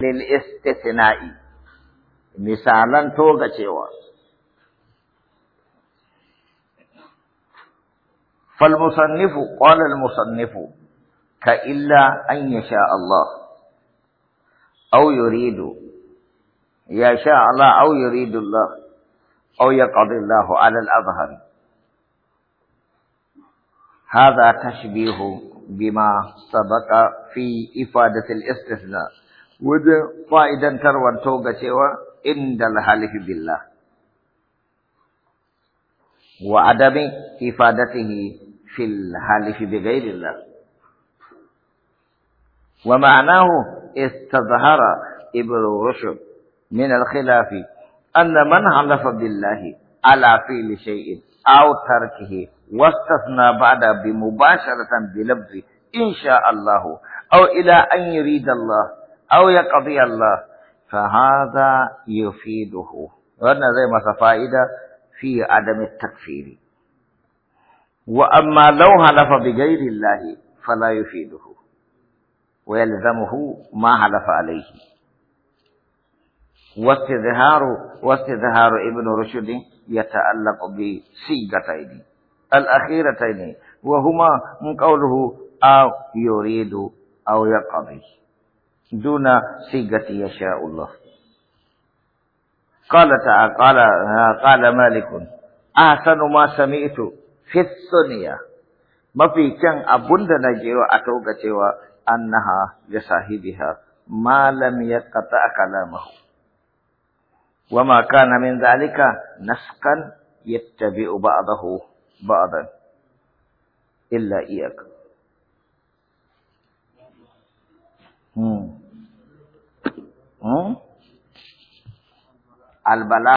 للاستثناء مثالا توبة فالمصنف قال المصنف كإلا أن يشاء الله أو يريد يشاء الله أو يريد الله أو يقضي الله على الأظهر هذا تشبيه بما سبق في إفادة الاستثناء wajen fa'idantarwar to ga cewa inda halifi billah wa adami ifadatihi fil halifi bi ghairillah wa ma'anahu istazhara ibn rushd min al khilafi anna man halafa billahi ala fi'li shay'in aw tarkihi wastasna ba'da bi mubasharatan bi lafzi in sha Allah aw ila an yurida Allah أو يقضي الله فهذا يفيده وأن زي ما فائدة في عدم التكفير وأما لو حلف بغير الله فلا يفيده ويلزمه ما حلف عليه واستظهار واستظهار ابن رشد يتعلق بصيغتين الأخيرتين وهما من قوله أو يريد أو يقضي دون صيغة يشاء الله قال تعالى قال قال مالك أحسن ما سمعت في الدنيا ما في كان أبند نجيو أتوقع أنها لصاحبها ما لم يقطع كلامه وما كان من ذلك نسقا يتبع بعضه بعضا إلا إياك albala